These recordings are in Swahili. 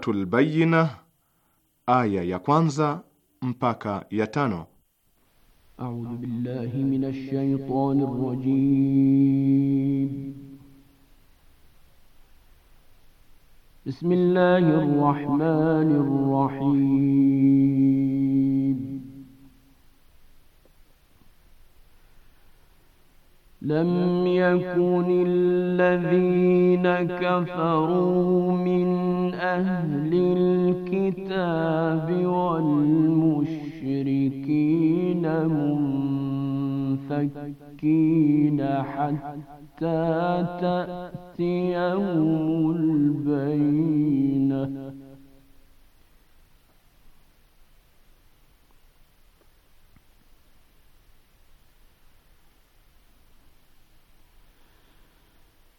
Suratul Bayyina aya ya kwanza mpaka ya tano. A'udhu billahi minash shaitani rrajim. Bismillahir rahmanir rahim لم يكن الذين كفروا من أهل الكتاب والمشركين منفكين حتى تأتيهم البيت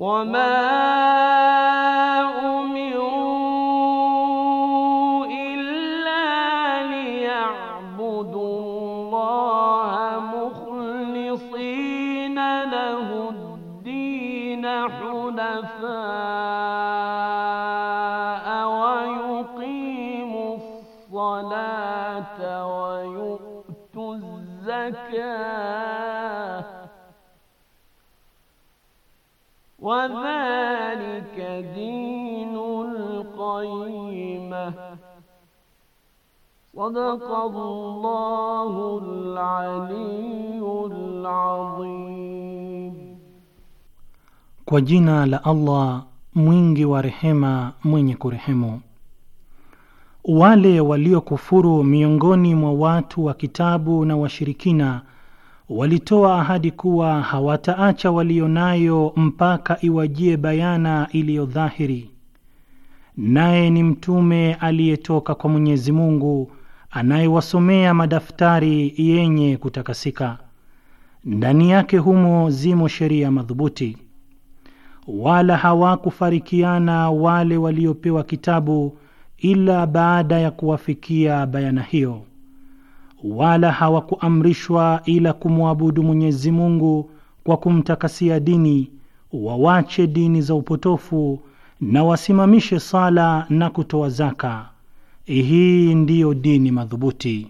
وما قيمة صدق الله العلي العظيم Kwa jina la Allah mwingi wa rehema mwenye kurehemu. Wale waliokufuru miongoni mwa watu wa kitabu na washirikina walitoa ahadi kuwa hawataacha walionayo mpaka iwajie bayana iliyo dhahiri naye ni mtume aliyetoka kwa Mwenyezi Mungu anayewasomea madaftari yenye kutakasika, ndani yake humo zimo sheria madhubuti. Wala hawakufarikiana wale waliopewa kitabu ila baada ya kuwafikia bayana hiyo, wala hawakuamrishwa ila kumwabudu Mwenyezi Mungu kwa kumtakasia dini, wawache dini za upotofu na wasimamishe sala na kutoa zaka. Hii ndiyo dini madhubuti.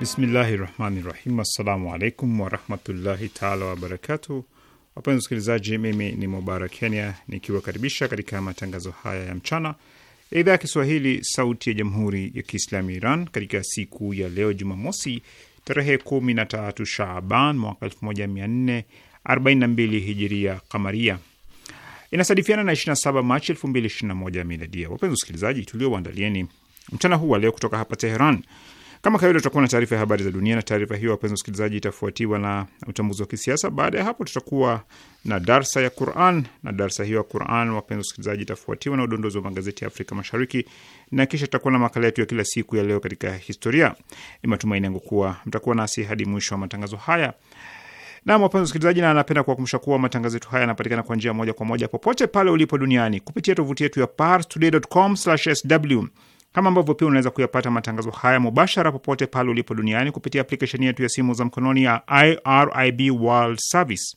Bismillahi rahmani rahim. Assalamu alaikum warahmatullahi taala wabarakatuh. Wapenzi wasikilizaji, mimi ni Mubarak Kenya nikiwakaribisha katika matangazo haya ya mchana ya idhaa ya Kiswahili sauti ya jamhuri ya Kiislamu ya Iran katika siku ya leo Jumamosi tarehe kumi na tatu Shaaban mwaka elfu hijiria kamaria inasadifiana na 27 Machi 2021 miladia. Wapenzi wasikilizaji, tuliowaandalieni mchana huu wa leo kutoka hapa Teheran kama kawaida, tutakuwa na taarifa ya habari za dunia, na taarifa hiyo, wapenzi wasikilizaji, itafuatiwa na uchambuzi wa kisiasa. Baada ya hapo, tutakuwa na darsa ya Quran, na darsa hiyo ya Quran, wapenzi wasikilizaji, itafuatiwa na udondozi wa magazeti ya Afrika Mashariki, na kisha tutakuwa na makala yetu ya kila siku ya leo katika historia. Ni matumaini yangu kuwa mtakuwa nasi hadi mwisho wa matangazo haya. Nam, wapenzi wasikilizaji, na napenda kuwakumbusha kuwa matangazo yetu haya yanapatikana kwa njia moja kwa moja popote pale ulipo duniani kupitia tovuti yetu ya parstoday.com/sw kama ambavyo pia unaweza kuyapata matangazo haya mubashara popote pale ulipo duniani kupitia aplikesheni yetu ya simu za mkononi ya IRIB World Service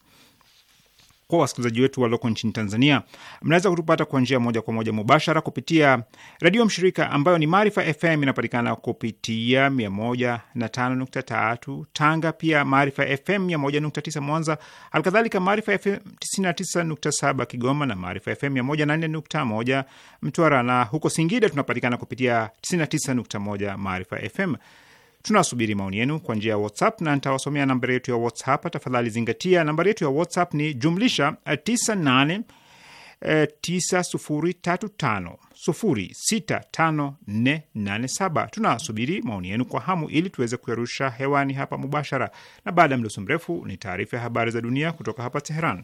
kwa wasikilizaji wetu walioko nchini Tanzania, mnaweza kutupata kwa njia moja kwa moja mubashara kupitia redio mshirika ambayo ni Maarifa FM, inapatikana kupitia 105.3 Tanga, pia Maarifa FM 101.9 Mwanza, halikadhalika Maarifa FM 99.7 Kigoma na Maarifa FM 104.1 Mtwara, na huko Singida tunapatikana kupitia 99.1 Maarifa FM. Tunasubiri maoni yenu kwa njia ya WhatsApp na nitawasomea nambari yetu ya WhatsApp. Tafadhali zingatia nambari yetu ya WhatsApp ni jumlisha 98 eh, 9035 eh, Tunasubiri maoni yenu kwa hamu ili tuweze kuyarusha hewani hapa mubashara. Na baada ya mdoso mrefu ni taarifa ya habari za dunia kutoka hapa Teheran.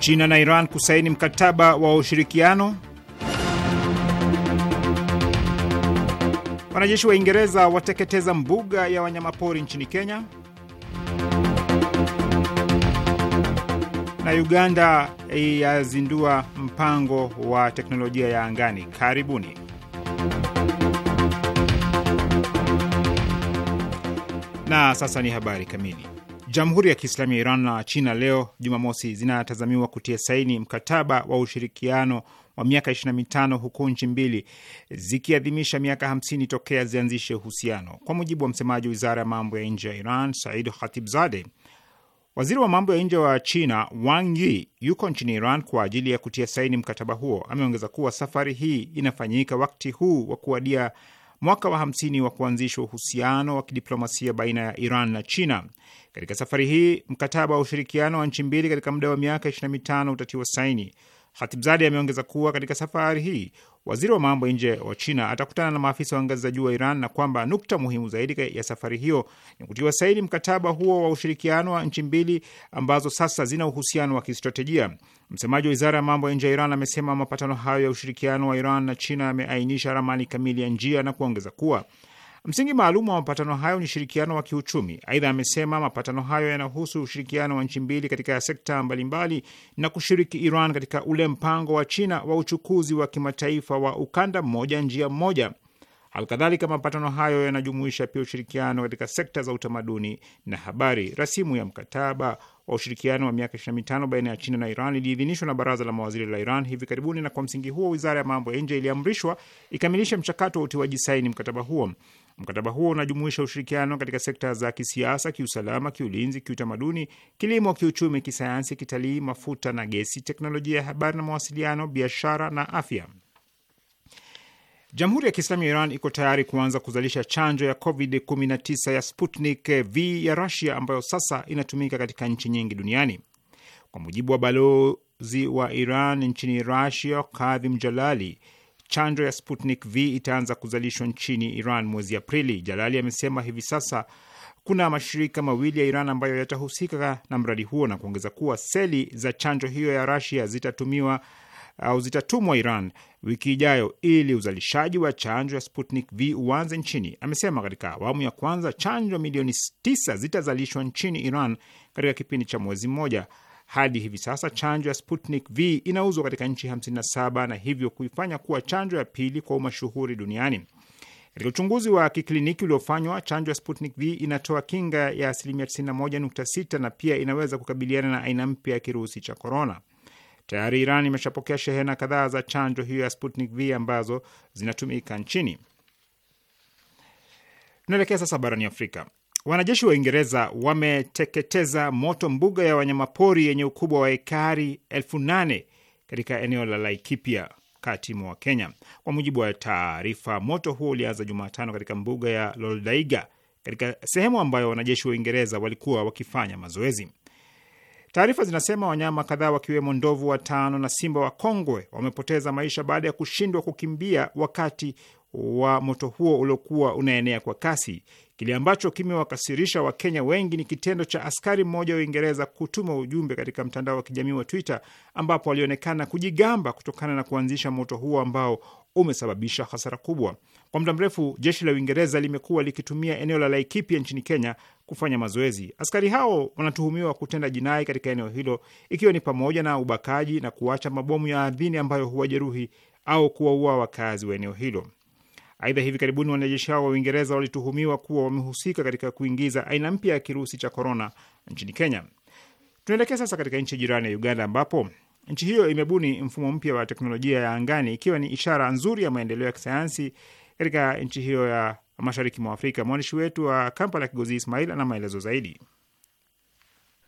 China na Iran kusaini mkataba wa ushirikiano. Wanajeshi wa Uingereza wateketeza mbuga ya wanyamapori nchini Kenya. Na Uganda yazindua mpango wa teknolojia ya angani. Karibuni. Na sasa ni habari kamili. Jamhuri ya Kiislamu ya Iran na China leo Jumamosi zinatazamiwa kutia saini mkataba wa ushirikiano wa miaka 25 huku nchi mbili zikiadhimisha miaka 50 tokea zianzishe uhusiano. Kwa mujibu wa msemaji wa wizara ya mambo ya nje ya Iran, Said zade waziri wa mambo ya nje wa China Wang Yi yuko nchini Iran kwa ajili ya kutia saini mkataba huo. Ameongeza kuwa safari hii inafanyika wakati huu wa kuadia mwaka wa 50 wa kuanzishwa uhusiano wa kidiplomasia baina ya Iran na China. Katika safari hii mkataba wa ushirikiano wa nchi mbili katika muda wa miaka 25 utatiwa saini. hatibzadi ameongeza kuwa katika safari hii waziri wa mambo ya nje wa China atakutana na maafisa wa ngazi za juu wa Iran na kwamba nukta muhimu zaidi ya safari hiyo ni kutiwa saini mkataba huo wa ushirikiano wa nchi mbili ambazo sasa zina uhusiano wa kistratejia. Msemaji wa wizara ya mambo ya nje ya Iran amesema mapatano hayo ya ushirikiano wa Iran na China yameainisha ramani kamili ya njia na kuongeza kuwa Msingi maalum wa mapatano hayo ni ushirikiano wa kiuchumi. Aidha, amesema mapatano hayo yanahusu ushirikiano wa nchi mbili katika sekta mbalimbali na kushiriki Iran katika ule mpango wa China wa uchukuzi wa kimataifa wa ukanda mmoja njia mmoja. Alkadhalika, mapatano hayo yanajumuisha pia ushirikiano katika sekta za utamaduni na habari. Rasimu ya mkataba wa ushirikiano wa miaka 25 baina ya China na Iran iliidhinishwa na baraza la mawaziri la Iran hivi karibuni, na kwa msingi huo wizara ya mambo ya nje iliamrishwa ikamilishe mchakato wa utiwaji saini mkataba huo. Mkataba huo unajumuisha ushirikiano katika sekta za kisiasa, kiusalama, kiulinzi, kiutamaduni, kilimo, kiuchumi, kisayansi, kitalii, mafuta na gesi, teknolojia ya habari na mawasiliano, biashara na afya. Jamhuri ya Kiislamu ya Iran iko tayari kuanza kuzalisha chanjo ya COVID-19 ya Sputnik V ya Rusia ambayo sasa inatumika katika nchi nyingi duniani. Kwa mujibu wa balozi wa Iran nchini Rusia, Kadhim Jalali, chanjo ya Sputnik V itaanza kuzalishwa nchini Iran mwezi Aprili. Jalali amesema hivi sasa kuna mashirika mawili ya Iran ambayo yatahusika na mradi huo na kuongeza kuwa seli za chanjo hiyo ya Rusia zitatumiwa au zitatumwa Iran wiki ijayo ili uzalishaji wa chanjo ya Sputnik V uanze nchini. Amesema katika awamu ya kwanza chanjo milioni tisa zitazalishwa nchini Iran katika kipindi cha mwezi mmoja. Hadi hivi sasa chanjo ya Sputnik V inauzwa katika nchi 57 na hivyo kuifanya kuwa chanjo ya pili kwa umashuhuri duniani. Katika uchunguzi wa kikliniki uliofanywa, chanjo ya Sputnik V inatoa kinga ya asilimia 91.6 na pia inaweza kukabiliana na aina mpya ya kirusi cha korona. Tayari Iran imeshapokea shehena kadhaa za chanjo hiyo ya Sputnik V ambazo zinatumika nchini. Tunaelekea sasa barani Afrika. Wanajeshi wa Uingereza wameteketeza moto mbuga ya wanyamapori yenye ukubwa wa ekari elfu nane katika eneo la Laikipia kati mwa Kenya. Kwa mujibu wa taarifa, moto huo ulianza Jumatano katika mbuga ya Loldaiga, katika sehemu ambayo wanajeshi wa Uingereza walikuwa wakifanya mazoezi. Taarifa zinasema wanyama kadhaa wakiwemo ndovu watano na simba wa kongwe wamepoteza maisha baada ya kushindwa kukimbia wakati wa moto huo uliokuwa unaenea kwa kasi. Kile ambacho kimewakasirisha Wakenya wengi ni kitendo cha askari mmoja wa Uingereza kutuma ujumbe katika mtandao wa kijamii wa Twitter ambapo alionekana kujigamba kutokana na kuanzisha moto huo ambao umesababisha hasara kubwa. Kwa muda mrefu jeshi la Uingereza limekuwa likitumia eneo la Laikipia nchini Kenya kufanya mazoezi. Askari hao wanatuhumiwa kutenda jinai katika eneo hilo, ikiwa ni pamoja na ubakaji na kuacha mabomu ya ardhini ambayo huwajeruhi au kuwaua wakazi wa eneo hilo. Aidha, hivi karibuni wanajeshi hao wa Uingereza walituhumiwa kuwa wamehusika katika kuingiza aina mpya ya kirusi cha korona nchini Kenya. Tunaelekea sasa katika nchi jirani ya Uganda, ambapo nchi hiyo imebuni mfumo mpya wa teknolojia ya angani, ikiwa ni ishara nzuri ya maendeleo ya kisayansi katika nchi hiyo ya mashariki mwa Afrika. Mwandishi wetu wa Kampala, Kigozi Ismail, ana maelezo zaidi.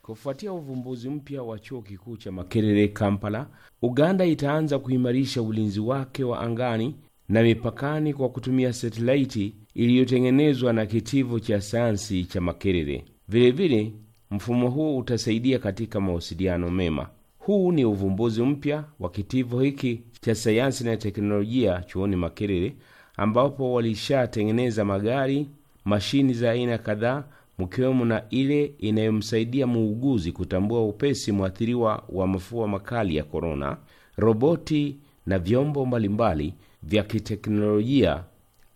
Kufuatia uvumbuzi mpya wa chuo kikuu cha Makerere Kampala, Uganda itaanza kuimarisha ulinzi wake wa angani na mipakani kwa kutumia satelaiti iliyotengenezwa na kitivo cha sayansi cha Makerere. Vilevile, mfumo huo utasaidia katika mawasiliano mema. Huu ni uvumbuzi mpya wa kitivo hiki cha sayansi na teknolojia chuoni Makerere ambapo walishatengeneza magari, mashini za aina kadhaa, mkiwemo na ile inayomsaidia muuguzi kutambua upesi mwathiriwa wa mafua makali ya korona, roboti na vyombo mbalimbali vya kiteknolojia.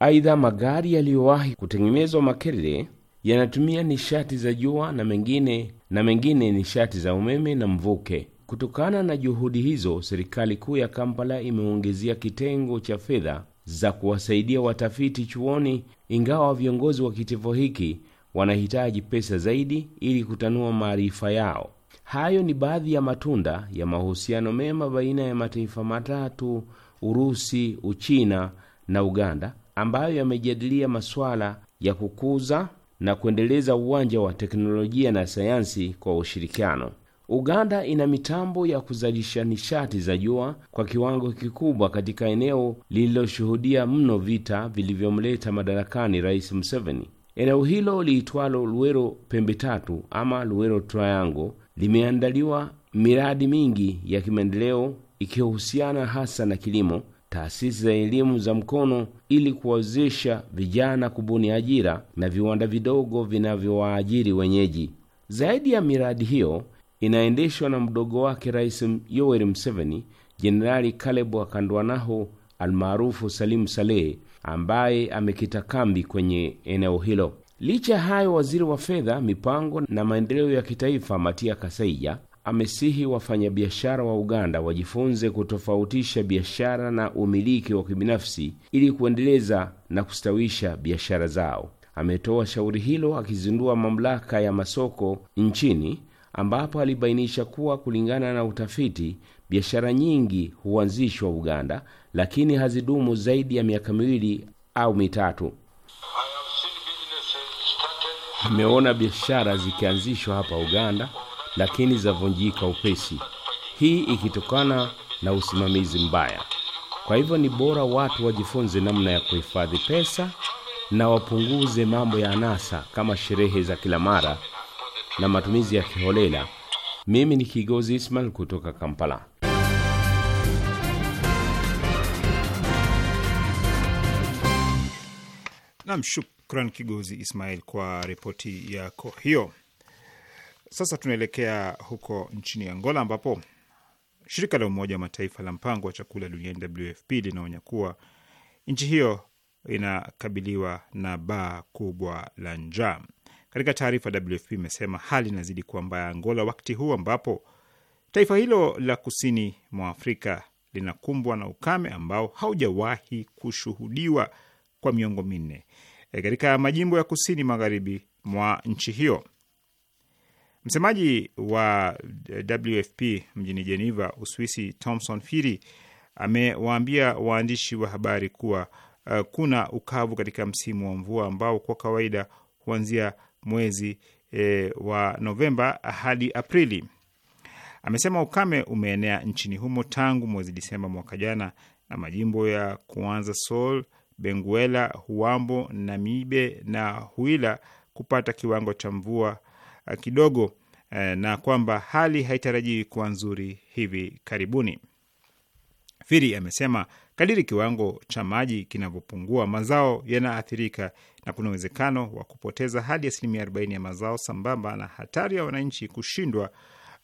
Aidha, magari yaliyowahi kutengenezwa Makerere yanatumia nishati za jua na mengine na mengine nishati za umeme na mvuke. Kutokana na juhudi hizo, serikali kuu ya Kampala imeongezea kitengo cha fedha za kuwasaidia watafiti chuoni, ingawa viongozi wa kitivo hiki wanahitaji pesa zaidi ili kutanua maarifa yao. Hayo ni baadhi ya matunda ya mahusiano mema baina ya mataifa matatu, Urusi, Uchina na Uganda, ambayo yamejadilia masuala ya kukuza na kuendeleza uwanja wa teknolojia na sayansi kwa ushirikiano. Uganda ina mitambo ya kuzalisha nishati za jua kwa kiwango kikubwa katika eneo lililoshuhudia mno vita vilivyomleta madarakani Rais Museveni. Eneo hilo liitwalo Luwero Pembe Tatu ama Luwero Triangle limeandaliwa miradi mingi ya kimaendeleo ikihusiana hasa na kilimo, taasisi za elimu za mkono ili kuwawezesha vijana kubuni ajira na viwanda vidogo vinavyowaajiri wenyeji. Zaidi ya miradi hiyo inaendeshwa na mdogo wake Rais Yoweri mseveni Jenerali Kalebu Akandwanaho almaarufu Salimu Saleh, ambaye amekita kambi kwenye eneo hilo. Licha ya hayo, waziri wa fedha, mipango na maendeleo ya kitaifa Matia Kasaija amesihi wafanyabiashara wa Uganda wajifunze kutofautisha biashara na umiliki wa kibinafsi ili kuendeleza na kustawisha biashara zao. Ametoa shauri hilo akizindua mamlaka ya masoko nchini ambapo alibainisha kuwa kulingana na utafiti, biashara nyingi huanzishwa Uganda, lakini hazidumu zaidi ya miaka miwili au mitatu. Ameona biashara zikianzishwa hapa Uganda, lakini zavunjika upesi, hii ikitokana na usimamizi mbaya. Kwa hivyo ni bora watu wajifunze namna ya kuhifadhi pesa na wapunguze mambo ya anasa kama sherehe za kila mara na matumizi ya kiholela. Mimi ni Kigozi Ismail kutoka Kampala. Nam, shukran Kigozi Ismail kwa ripoti yako hiyo. Sasa tunaelekea huko nchini Angola ambapo shirika la Umoja wa Mataifa la mpango wa chakula duniani WFP linaonya kuwa nchi hiyo inakabiliwa na baa kubwa la njaa. Katika taarifa, WFP imesema hali inazidi kuwa mbaya Angola wakati huu ambapo taifa hilo la kusini mwa Afrika linakumbwa na ukame ambao haujawahi kushuhudiwa kwa miongo minne e, katika majimbo ya kusini magharibi mwa nchi hiyo. Msemaji wa WFP mjini Geneva, Uswisi, Thomson Firi amewaambia waandishi wa habari kuwa uh, kuna ukavu katika msimu wa mvua ambao kwa kawaida huanzia mwezi e, wa Novemba hadi Aprili. Amesema ukame umeenea nchini humo tangu mwezi Disemba mwaka jana, na majimbo ya Kuanza, Sol, Benguela, Huambo, Namibe na Huila kupata kiwango cha mvua kidogo e, na kwamba hali haitarajii kuwa nzuri hivi karibuni. Firi amesema Kadiri kiwango cha maji kinavyopungua, mazao yanaathirika na kuna uwezekano wa kupoteza hadi asilimia 40 ya mazao, sambamba na hatari ya wananchi kushindwa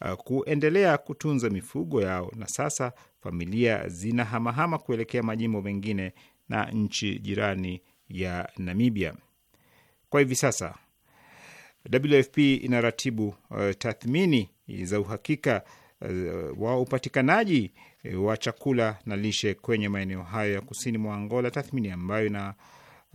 uh, kuendelea kutunza mifugo yao, na sasa familia zinahamahama kuelekea majimbo mengine na nchi jirani ya Namibia. Kwa hivi sasa WFP inaratibu uh, tathmini za uhakika uh, wa upatikanaji Eh, wa chakula na lishe kwenye maeneo hayo ya kusini mwa Angola, tathmini ambayo na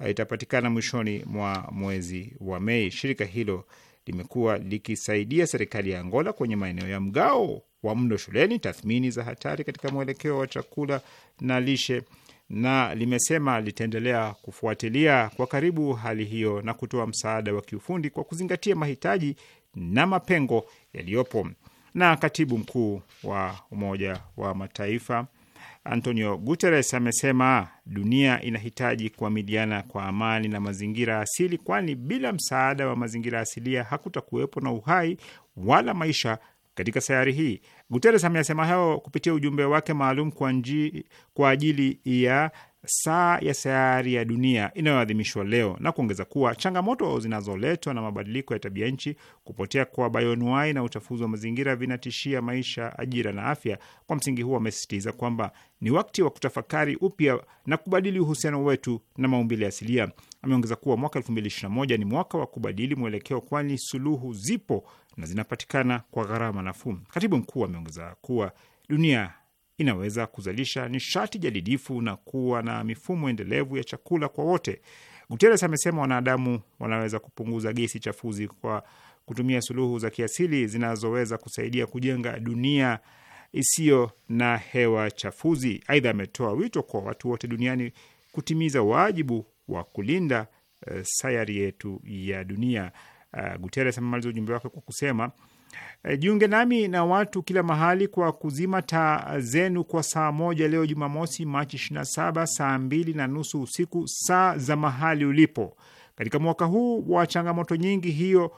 eh, itapatikana mwishoni mwa mwezi wa Mei. Shirika hilo limekuwa likisaidia serikali ya Angola kwenye maeneo ya mgao wa mlo shuleni, tathmini za hatari katika mwelekeo wa chakula na lishe, na limesema litaendelea kufuatilia kwa karibu hali hiyo na kutoa msaada wa kiufundi kwa kuzingatia mahitaji na mapengo yaliyopo na katibu mkuu wa Umoja wa Mataifa Antonio Guterres amesema dunia inahitaji kuamiliana kwa amani na mazingira asili, kwani bila msaada wa mazingira asilia hakutakuwepo na uhai wala maisha katika sayari hii. Guterres ameyasema hayo kupitia ujumbe wake maalum kwa, kwa ajili ya saa ya sayari ya dunia inayoadhimishwa leo na kuongeza kuwa changamoto zinazoletwa na mabadiliko ya tabia nchi, kupotea kwa bayonuai na uchafuzi wa mazingira vinatishia maisha, ajira na afya. Kwa msingi huo, wamesisitiza kwamba ni wakati wa kutafakari upya na kubadili uhusiano wetu na maumbile asilia. Ameongeza kuwa mwaka 2021 ni mwaka wa kubadili mwelekeo, kwani suluhu zipo na zinapatikana kwa gharama nafuu. Katibu mkuu ameongeza kuwa dunia inaweza kuzalisha nishati jadidifu na kuwa na mifumo endelevu ya chakula kwa wote. Guterres amesema wanadamu wanaweza kupunguza gesi chafuzi kwa kutumia suluhu za kiasili zinazoweza kusaidia kujenga dunia isiyo na hewa chafuzi. Aidha, ametoa wito kwa watu wote duniani kutimiza wajibu wa kulinda uh, sayari yetu ya dunia. Uh, Guterres amemaliza ujumbe wake kwa kusema Eh, jiunge nami na watu kila mahali kwa kuzima taa zenu kwa saa moja leo Jumamosi, Machi 27 saa mbili na nusu usiku saa za mahali ulipo. Katika mwaka huu wa changamoto nyingi hiyo,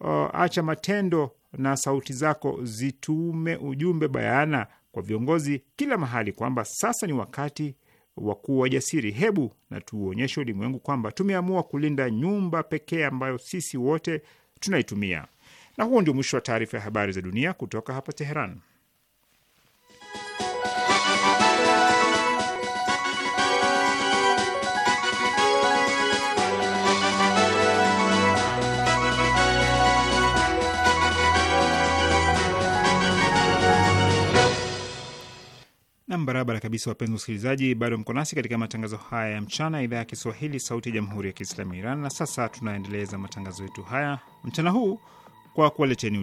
uh, acha matendo na sauti zako zitume ujumbe bayana kwa viongozi kila mahali kwamba sasa ni wakati wa kuwa jasiri. Hebu na tuuonyeshe ulimwengu kwamba tumeamua kulinda nyumba pekee ambayo sisi wote tunaitumia. Na huo ndio mwisho wa taarifa ya habari za dunia kutoka hapa Teheran. Nam, barabara kabisa, wapenzi wasikilizaji, bado mko nasi katika matangazo haya ya mchana, idhaa ya Kiswahili, sauti ya jamhuri ya kiislamu ya Iran. Na sasa tunaendeleza matangazo yetu haya mchana huu kwa kuwaleteni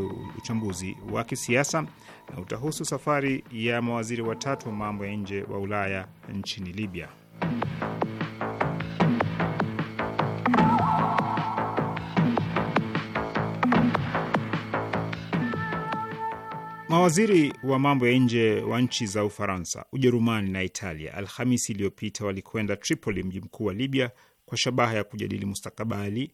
uh, uchambuzi wa kisiasa na utahusu safari ya mawaziri watatu wa mambo ya nje wa Ulaya nchini Libya. Mawaziri wa mambo ya nje wa nchi za Ufaransa, Ujerumani na Italia Alhamisi iliyopita walikwenda Tripoli, mji mkuu wa Libya, kwa shabaha ya kujadili mustakabali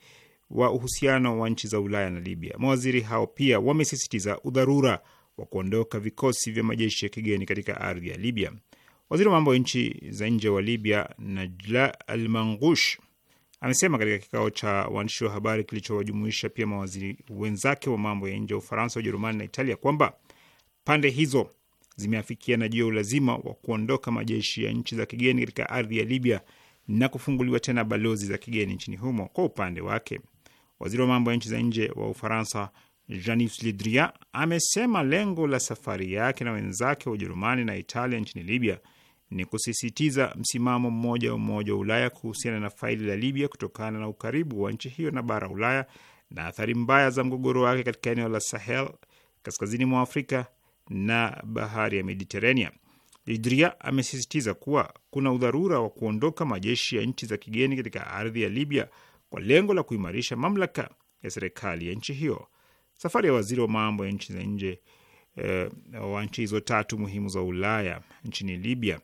wa uhusiano wa nchi za Ulaya na Libya. Mawaziri hao pia wamesisitiza udharura wa kuondoka vikosi vya majeshi ya kigeni katika ardhi ya Libya. Waziri wa mambo ya nchi za nje wa Libya, Najla Al Mangush, amesema katika kikao cha waandishi wa habari kilichowajumuisha pia mawaziri wenzake wa mambo ya nje wa Ufaransa, Ujerumani na Italia kwamba pande hizo zimeafikiana juu ya ulazima wa kuondoka majeshi ya nchi za kigeni katika ardhi ya Libya na kufunguliwa tena balozi za kigeni nchini humo. Kwa upande wake Waziri wa mambo ya nchi za nje wa Ufaransa Jean-Yves Le Drian amesema lengo la safari yake na wenzake wa Ujerumani na Italia nchini Libya ni kusisitiza msimamo mmoja wa Umoja wa Ulaya kuhusiana na faili la Libya kutokana na ukaribu wa nchi hiyo na bara Ulaya na athari mbaya za mgogoro wake katika eneo la Sahel kaskazini mwa Afrika na bahari ya Mediterania. Idria amesisitiza kuwa kuna udharura wa kuondoka majeshi ya nchi za kigeni katika ardhi ya Libya kwa lengo la kuimarisha mamlaka ya serikali ya nchi hiyo. Safari ya waziri wa mambo ya nchi za nje eh, wa nchi hizo tatu muhimu za Ulaya nchini Libya,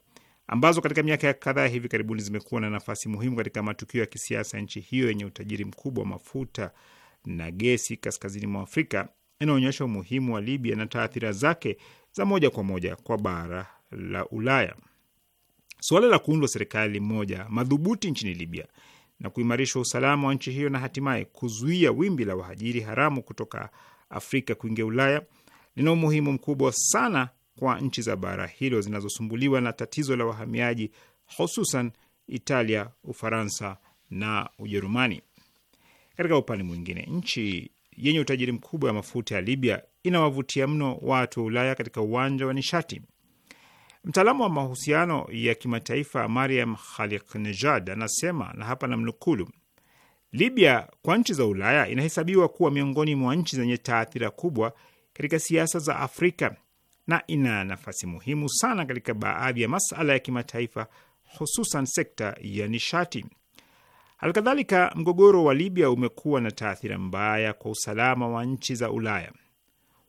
ambazo katika miaka ya kadhaa hivi karibuni zimekuwa na nafasi muhimu katika matukio ya kisiasa nchi hiyo yenye utajiri mkubwa wa mafuta na gesi kaskazini mwa Afrika, inaonyesha umuhimu wa Libya na taathira zake za moja kwa moja kwa bara la Ulaya. Suala la kuundwa serikali moja madhubuti nchini Libya na kuimarisha usalama wa nchi hiyo na hatimaye kuzuia wimbi la wahajiri haramu kutoka Afrika kuingia Ulaya lina umuhimu mkubwa sana kwa nchi za bara hilo zinazosumbuliwa na tatizo la wahamiaji, hususan Italia, Ufaransa na Ujerumani. Katika upande mwingine, nchi yenye utajiri mkubwa wa mafuta ya Libya inawavutia mno watu wa Ulaya katika uwanja wa nishati. Mtaalamu wa mahusiano ya kimataifa Mariam nejad anasema, na hapa namnukulu, Libya kwa nchi za Ulaya inahesabiwa kuwa miongoni mwa nchi zenye taathira kubwa katika siasa za Afrika na ina nafasi muhimu sana katika baadhi ya masala ya kimataifa, hususan sekta ya nishati. Halikadhalika, mgogoro wa Libya umekuwa na taathira mbaya kwa usalama wa nchi za Ulaya.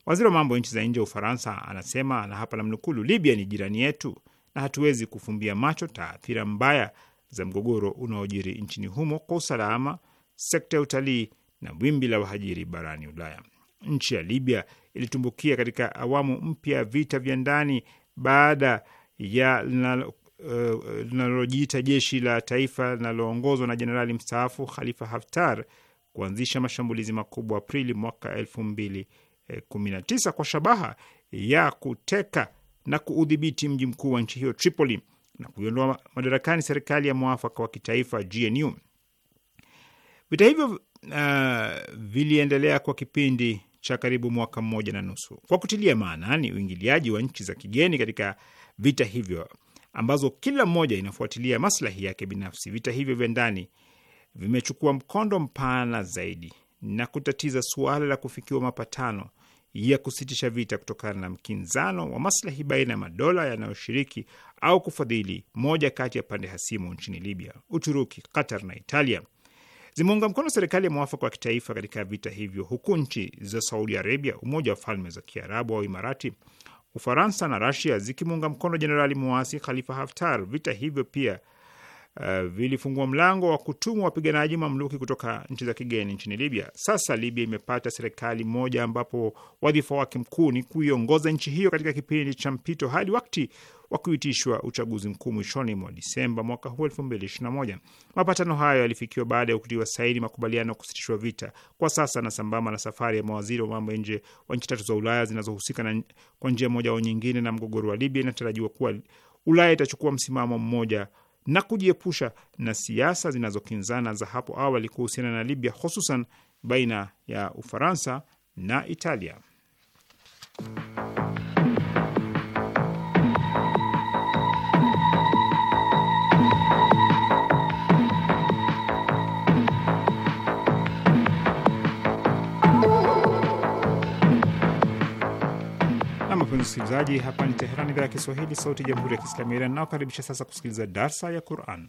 Waziri wa mambo ya nchi za nje wa Ufaransa anasema, na hapa namnukulu, Libya ni jirani yetu na hatuwezi kufumbia macho taathira mbaya za mgogoro unaojiri nchini humo kwa usalama, sekta ya utalii na wimbi la wahajiri barani Ulaya. Nchi ya Libya ilitumbukia katika awamu mpya ya vita vya ndani baada ya eh, linalojiita uh, jeshi la taifa linaloongozwa na jenerali mstaafu Khalifa Haftar kuanzisha mashambulizi makubwa Aprili mwaka elfu mbili 19 eh, kwa shabaha ya kuteka na kuudhibiti mji mkuu wa nchi hiyo Tripoli na kuiondoa madarakani serikali ya mwafaka wa kitaifa GNU. Vita hivyo uh, viliendelea kwa kipindi cha karibu mwaka mmoja na nusu. Kwa kutilia maanani uingiliaji wa nchi za kigeni katika vita hivyo ambazo kila mmoja inafuatilia maslahi yake binafsi, vita hivyo vya ndani vimechukua mkondo mpana zaidi na kutatiza suala la kufikiwa mapatano ya kusitisha vita kutokana na mkinzano wa maslahi baina ya madola yanayoshiriki au kufadhili moja kati ya pande hasimu nchini Libya. Uturuki, Qatar na Italia zimeunga mkono serikali ya mwafaka wa kitaifa katika vita hivyo, huku nchi za Saudi Arabia, Umoja wa Falme za Kiarabu au Imarati, Ufaransa na Rasia zikimuunga mkono jenerali muasi Khalifa Haftar. Vita hivyo pia uh, vilifungua mlango wa kutumwa wapiganaji mamluki kutoka nchi za kigeni nchini Libya. Sasa Libya imepata serikali moja ambapo wadhifa wake mkuu ni kuiongoza nchi hiyo katika kipindi cha mpito hadi wakati wa kuitishwa uchaguzi mkuu mwishoni mwa Disemba mwaka huu 2021. Mapatano hayo yalifikiwa baada ya kutiwa saini makubaliano ya kusitishwa vita kwa sasa na sambamba na safari ya mawaziri wa mambo ya nje wa nchi tatu za Ulaya zinazohusika kwa njia moja au nyingine na mgogoro wa Libya, inatarajiwa kuwa Ulaya itachukua msimamo mmoja na kujiepusha na siasa zinazokinzana za hapo awali kuhusiana na Libya, hususan baina ya Ufaransa na Italia. mpenzi msikilizaji, hapa ni Teherani, idhaa ya Kiswahili, sauti ya jamhuri ya kiislamu ya Iran. Nawakaribisha sasa kusikiliza darsa ya Quran.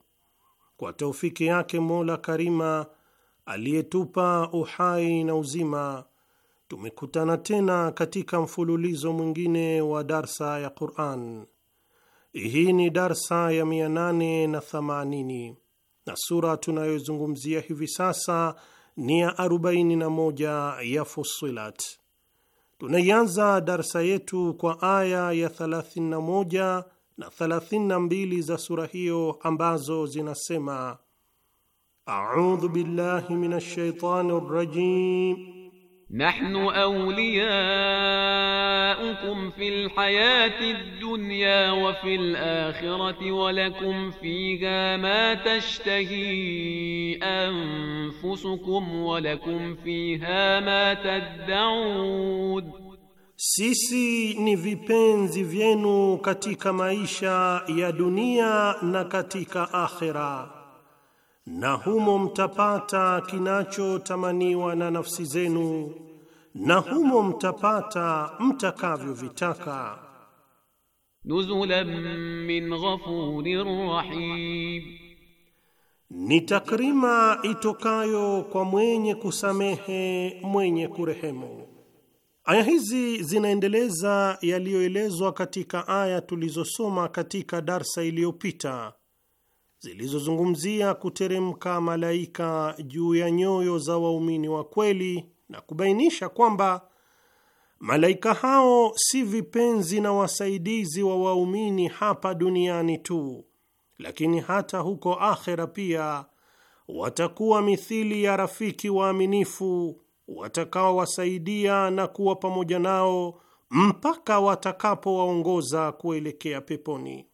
kwa taufiki yake Mola Karima aliyetupa uhai na uzima, tumekutana tena katika mfululizo mwingine wa darsa ya Quran. Hii ni darsa ya 880 na sura tunayozungumzia hivi sasa ni ya 41 ya Fusilat. Tunaianza darsa yetu kwa aya ya 31 na 32 za sura hiyo ambazo zinasema: audhu billahi minash shaitani rajim Nahnu awliyaukum fil hayati dunya wa fil akhirati wa lakum fiha ma tashtahi anfusukum wa lakum fiha ma tad'un Sisi ni vipenzi vyenu katika maisha ya dunia na katika akhera, na humo mtapata kinachotamaniwa na nafsi zenu, na humo mtapata mtakavyovitaka. Nuzulan min ghafurir rahim, ni takrima itokayo kwa mwenye kusamehe mwenye kurehemu. Aya hizi zinaendeleza yaliyoelezwa katika aya tulizosoma katika darsa iliyopita zilizozungumzia kuteremka malaika juu ya nyoyo za waumini wa kweli na kubainisha kwamba malaika hao si vipenzi na wasaidizi wa waumini hapa duniani tu, lakini hata huko akhera pia watakuwa mithili ya rafiki waaminifu watakaowasaidia na kuwa pamoja nao mpaka watakapowaongoza kuelekea peponi.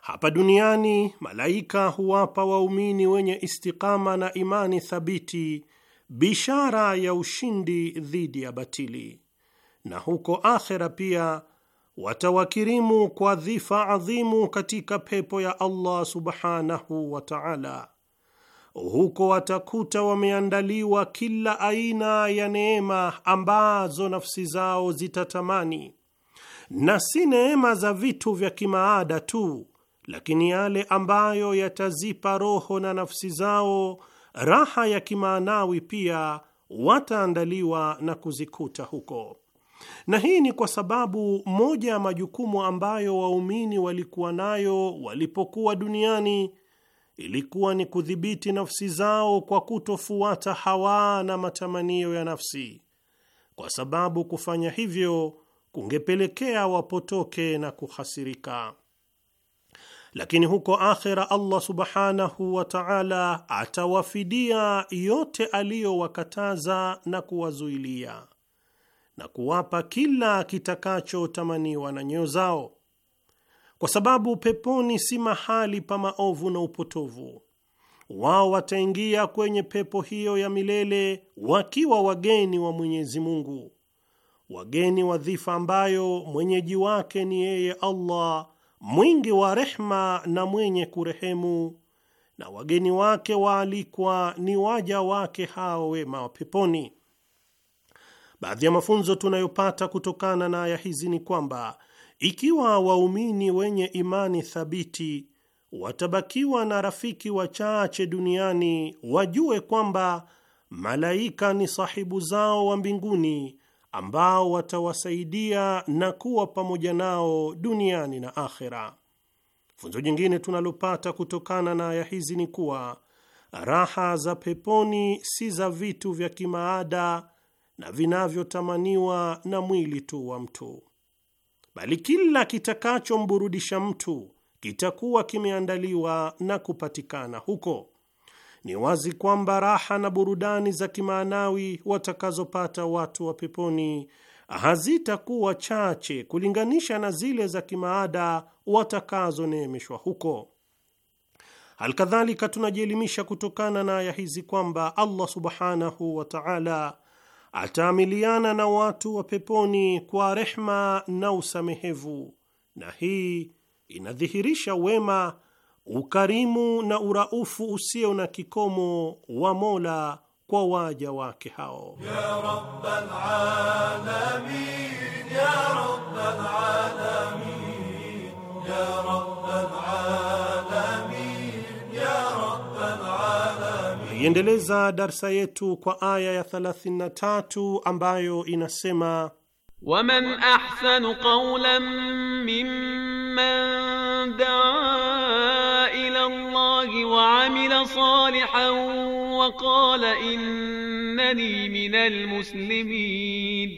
Hapa duniani malaika huwapa waumini wenye istikama na imani thabiti bishara ya ushindi dhidi ya batili, na huko akhera pia watawakirimu kwa dhifa adhimu katika pepo ya Allah subhanahu wa ta'ala huko watakuta wameandaliwa kila aina ya neema ambazo nafsi zao zitatamani, na si neema za vitu vya kimaada tu, lakini yale ambayo yatazipa roho na nafsi zao raha ya kimaanawi pia wataandaliwa na kuzikuta huko. Na hii ni kwa sababu moja ya majukumu ambayo waumini walikuwa nayo walipokuwa duniani ilikuwa ni kudhibiti nafsi zao kwa kutofuata hawa na matamanio ya nafsi, kwa sababu kufanya hivyo kungepelekea wapotoke na kuhasirika. Lakini huko akhera, Allah subhanahu wa ta'ala atawafidia yote aliyowakataza na kuwazuilia na kuwapa kila kitakachotamaniwa na nyoyo zao kwa sababu peponi si mahali pa maovu na upotovu. Wao wataingia kwenye pepo hiyo ya milele wakiwa wageni wa Mwenyezi Mungu, wageni wa dhifa ambayo mwenyeji wake ni yeye Allah, mwingi wa rehma na mwenye kurehemu, na wageni wake waalikwa ni waja wake hao wema wa peponi. Baadhi ya mafunzo tunayopata kutokana na aya hizi ni kwamba ikiwa waumini wenye imani thabiti watabakiwa na rafiki wachache duniani, wajue kwamba malaika ni sahibu zao wa mbinguni ambao watawasaidia na kuwa pamoja nao duniani na akhera. Funzo jingine tunalopata kutokana na aya hizi ni kuwa raha za peponi si za vitu vya kimaada na vinavyotamaniwa na mwili tu wa mtu bali kila kitakachomburudisha mtu kitakuwa kimeandaliwa na kupatikana huko. Ni wazi kwamba raha na burudani za kimaanawi watakazopata watu wa peponi hazitakuwa chache kulinganisha na zile za kimaada watakazoneemeshwa huko. Alkadhalika, tunajielimisha kutokana na aya hizi kwamba Allah subhanahu wa taala ataamiliana na watu wa peponi kwa rehma na usamehevu, na hii inadhihirisha wema, ukarimu na uraufu usio na kikomo wa Mola kwa waja wake hao ya ya Tunaiendeleza darsa yetu kwa aya ya 33 ambayo inasema waman ahsanu qawlan mimman daa ila Allahi wa amila salihan wa qala innani minal muslimin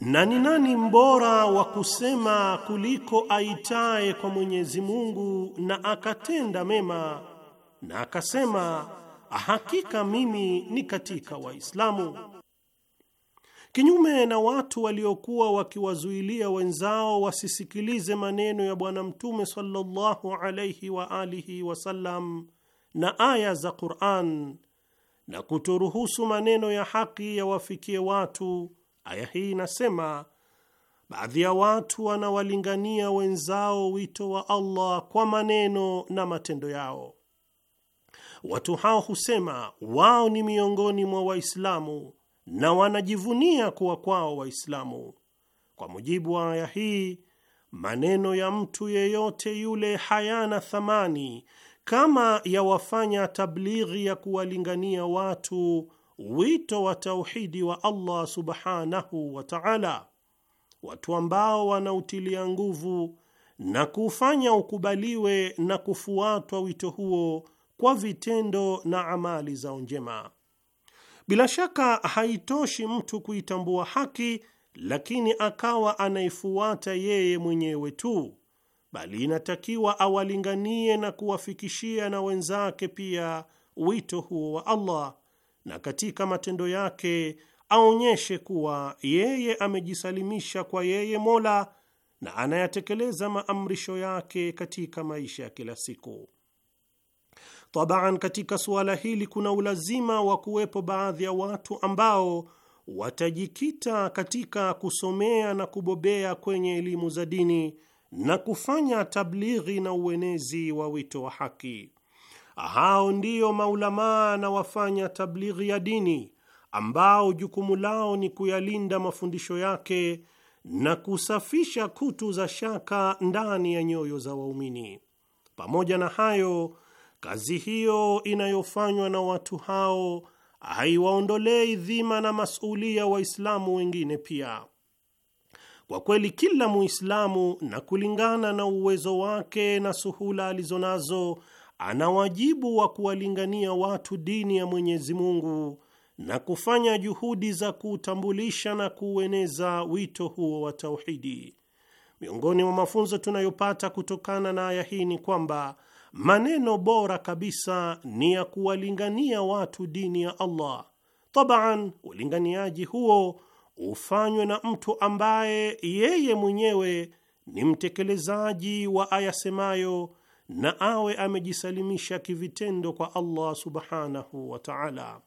na ni nani mbora wa kusema kuliko aitaye kwa Mwenyezi Mungu na akatenda mema na akasema hakika mimi ni katika Waislamu. Kinyume na watu waliokuwa wakiwazuilia wenzao wasisikilize maneno ya Bwana Mtume sallallahu alaihi wa alihi wasallam na aya za Quran na kutoruhusu maneno ya haki yawafikie watu, aya hii inasema baadhi ya watu wanawalingania wenzao wito wa Allah kwa maneno na matendo yao. Watu hao husema wao ni miongoni mwa Waislamu na wanajivunia kuwa kwao Waislamu. Kwa mujibu wa aya hii, maneno ya mtu yeyote yule hayana thamani kama yawafanya tablighi ya kuwalingania watu wito wa tauhidi wa Allah subhanahu wa ta'ala, watu ambao wanautilia nguvu na kufanya ukubaliwe na kufuatwa wito huo kwa vitendo na amali zao njema. Bila shaka haitoshi mtu kuitambua haki, lakini akawa anaifuata yeye mwenyewe tu, bali inatakiwa awalinganie na kuwafikishia na wenzake pia wito huo wa Allah, na katika matendo yake aonyeshe kuwa yeye amejisalimisha kwa yeye Mola na anayatekeleza maamrisho yake katika maisha ya kila siku. Tabaan, katika suala hili kuna ulazima wa kuwepo baadhi ya watu ambao watajikita katika kusomea na kubobea kwenye elimu za dini na kufanya tablighi na uenezi wa wito wa haki. Hao ndiyo maulamaa na wafanya tablighi ya dini ambao jukumu lao ni kuyalinda mafundisho yake na kusafisha kutu za shaka ndani ya nyoyo za waumini. Pamoja na hayo Kazi hiyo inayofanywa na watu hao haiwaondolei dhima na masulia Waislamu wengine pia. Kwa kweli, kila Muislamu na kulingana na uwezo wake na suhula alizo nazo, ana wajibu wa kuwalingania watu dini ya Mwenyezi Mungu na kufanya juhudi za kuutambulisha na kuueneza wito huo wa tauhidi. Miongoni mwa mafunzo tunayopata kutokana na aya hii ni kwamba maneno bora kabisa ni ya kuwalingania watu dini ya Allah. Tabaan, ulinganiaji huo ufanywe na mtu ambaye yeye mwenyewe ni mtekelezaji wa ayasemayo na awe amejisalimisha kivitendo kwa Allah subhanahu wa ta'ala.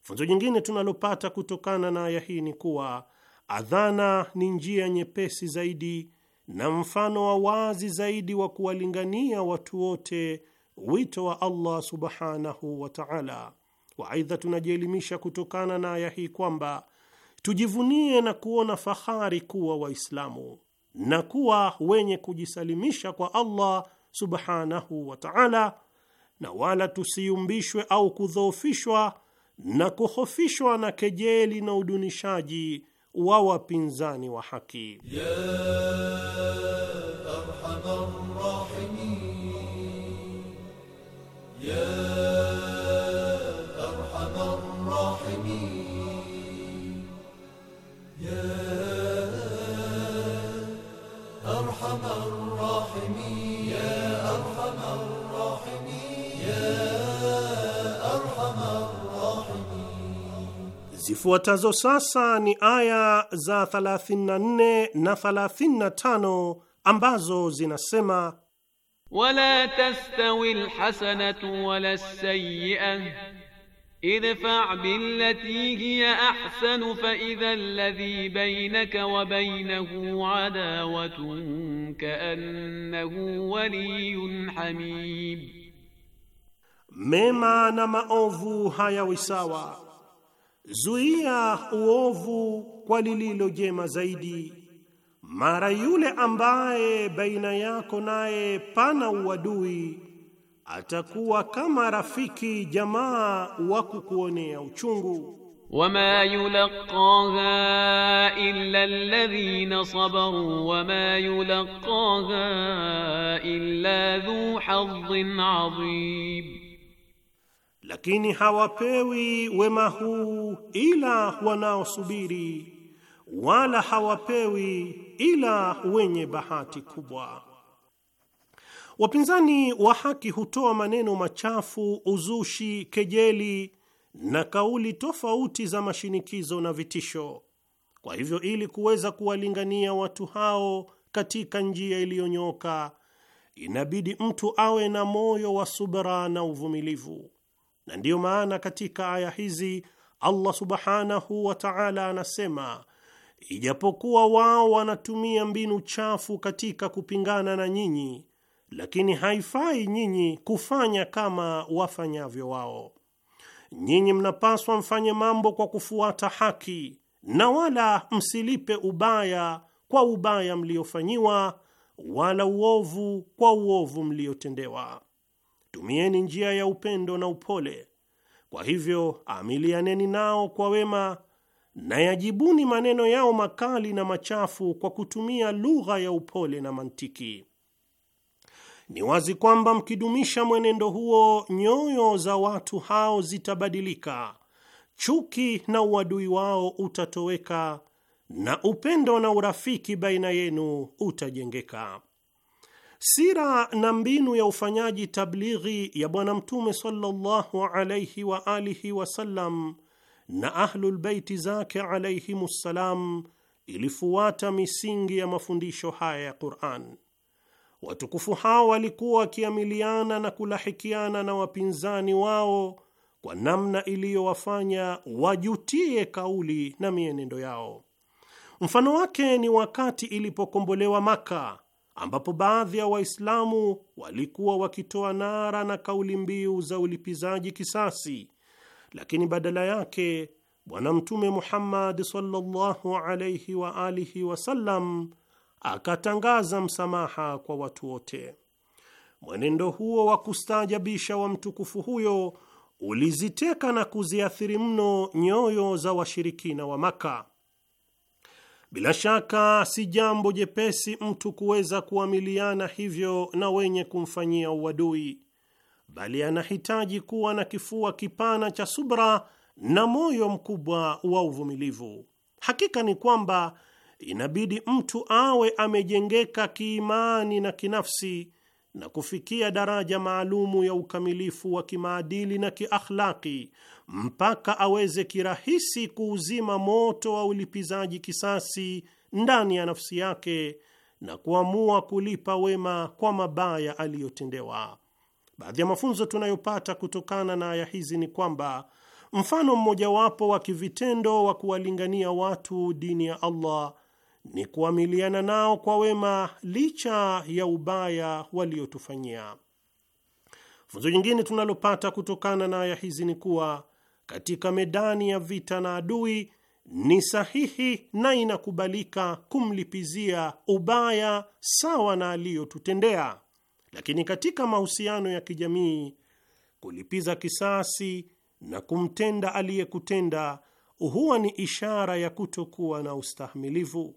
Funzo jingine tunalopata kutokana na aya hii ni kuwa adhana ni njia nyepesi zaidi na mfano wa wazi zaidi wa kuwalingania watu wote wito wa Allah subhanahu wa ta'ala. Wa aidha, tunajielimisha kutokana na aya hii kwamba tujivunie na kuona fahari kuwa Waislamu na kuwa wenye kujisalimisha kwa Allah subhanahu wa ta'ala, na wala tusiumbishwe au kudhoofishwa na kuhofishwa na kejeli na udunishaji wa wapinzani wa haki ya Zifuatazo sasa ni aya za 34 na 35 ambazo zinasema wala tastawi alhasanatu wala sayyi'a idfa' billati hiya ahsanu fa idha alladhi baynaka wa baynahu adawatun ka'annahu waliyyun hamim, mema na maovu hayawi sawa zuia uovu kwa lililo jema zaidi, mara yule ambaye baina yako naye pana uadui atakuwa kama rafiki jamaa wa kukuonea uchungu. wama yulqaha illa alladhina sabaru wama yulqaha illa dhu hadhin adhim lakini hawapewi wema huu ila wanaosubiri, wala hawapewi ila wenye bahati kubwa. Wapinzani wa haki hutoa maneno machafu, uzushi, kejeli na kauli tofauti za mashinikizo na vitisho. Kwa hivyo, ili kuweza kuwalingania watu hao katika njia iliyonyooka, inabidi mtu awe na moyo wa subra na uvumilivu. Na ndiyo maana katika aya hizi Allah subhanahu wa ta'ala anasema, ijapokuwa wao wanatumia mbinu chafu katika kupingana na nyinyi, lakini haifai nyinyi kufanya kama wafanyavyo wao. Nyinyi mnapaswa mfanye mambo kwa kufuata haki na wala msilipe ubaya kwa ubaya mliofanyiwa, wala uovu kwa uovu mliotendewa tumieni njia ya upendo na upole. Kwa hivyo amilianeni nao kwa wema na yajibuni maneno yao makali na machafu kwa kutumia lugha ya upole na mantiki. Ni wazi kwamba mkidumisha mwenendo huo, nyoyo za watu hao zitabadilika, chuki na uadui wao utatoweka, na upendo na urafiki baina yenu utajengeka. Sira na mbinu ya ufanyaji tablighi ya Bwana Mtume sallallahu alaihi wa alihi wasallam na Ahlulbeiti zake alaihimussalam ilifuata misingi ya mafundisho haya ya Quran. Watukufu hao walikuwa wakiamiliana na kulahikiana na wapinzani wao kwa namna iliyowafanya wajutie kauli na mienendo yao. Mfano wake ni wakati ilipokombolewa Maka ambapo baadhi ya Waislamu walikuwa wakitoa nara na kauli mbiu za ulipizaji kisasi, lakini badala yake Bwana Mtume Muhammad sallallahu alayhi wa alihi wasallam akatangaza msamaha kwa watu wote. Mwenendo huo wa kustaajabisha wa mtukufu huyo uliziteka na kuziathiri mno nyoyo za washirikina wa Maka bila shaka si jambo jepesi mtu kuweza kuamiliana hivyo na wenye kumfanyia uadui, bali anahitaji kuwa na kifua kipana cha subra na moyo mkubwa wa uvumilivu. Hakika ni kwamba inabidi mtu awe amejengeka kiimani na kinafsi na kufikia daraja maalumu ya ukamilifu wa kimaadili na kiakhlaki mpaka aweze kirahisi kuuzima moto wa ulipizaji kisasi ndani ya nafsi yake na kuamua kulipa wema kwa mabaya aliyotendewa. Baadhi ya mafunzo tunayopata kutokana na aya hizi ni kwamba mfano mmojawapo wa kivitendo wa kuwalingania watu dini ya Allah ni kuamiliana nao kwa wema licha ya ubaya waliotufanyia. Funzo jingine tunalopata kutokana na aya hizi ni kuwa katika medani ya vita na adui, ni sahihi na inakubalika kumlipizia ubaya sawa na aliyotutendea. Lakini katika mahusiano ya kijamii, kulipiza kisasi na kumtenda aliyekutenda huwa ni ishara ya kutokuwa na ustahimilivu.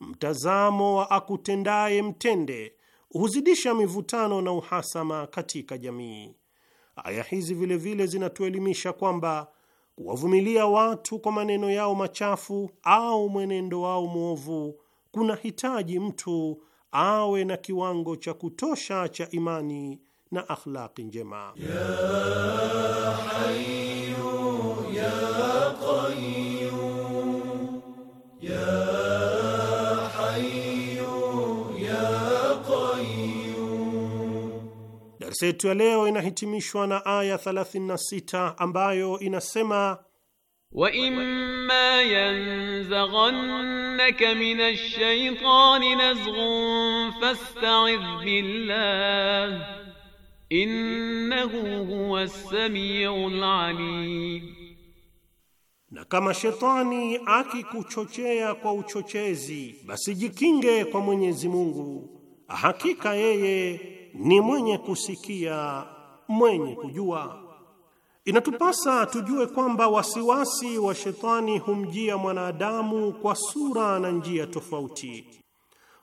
Mtazamo wa akutendaye mtende huzidisha mivutano na uhasama katika jamii. Aya hizi vilevile zinatuelimisha kwamba kuwavumilia watu kwa maneno yao machafu au mwenendo wao mwovu kuna hitaji mtu awe na kiwango cha kutosha cha imani na akhlaqi njema ya Darsa yetu ya leo inahitimishwa na aya 36 ambayo inasema wa imma yanzaghannaka min ash-shaytani nazghun fasta'idh billah innahu huwas samiul alim, na kama shetani akikuchochea kwa uchochezi, basi jikinge kwa Mwenyezi Mungu, hakika yeye ni mwenye kusikia, mwenye kujua. Inatupasa tujue kwamba wasiwasi wa shetani humjia mwanadamu kwa sura na njia tofauti.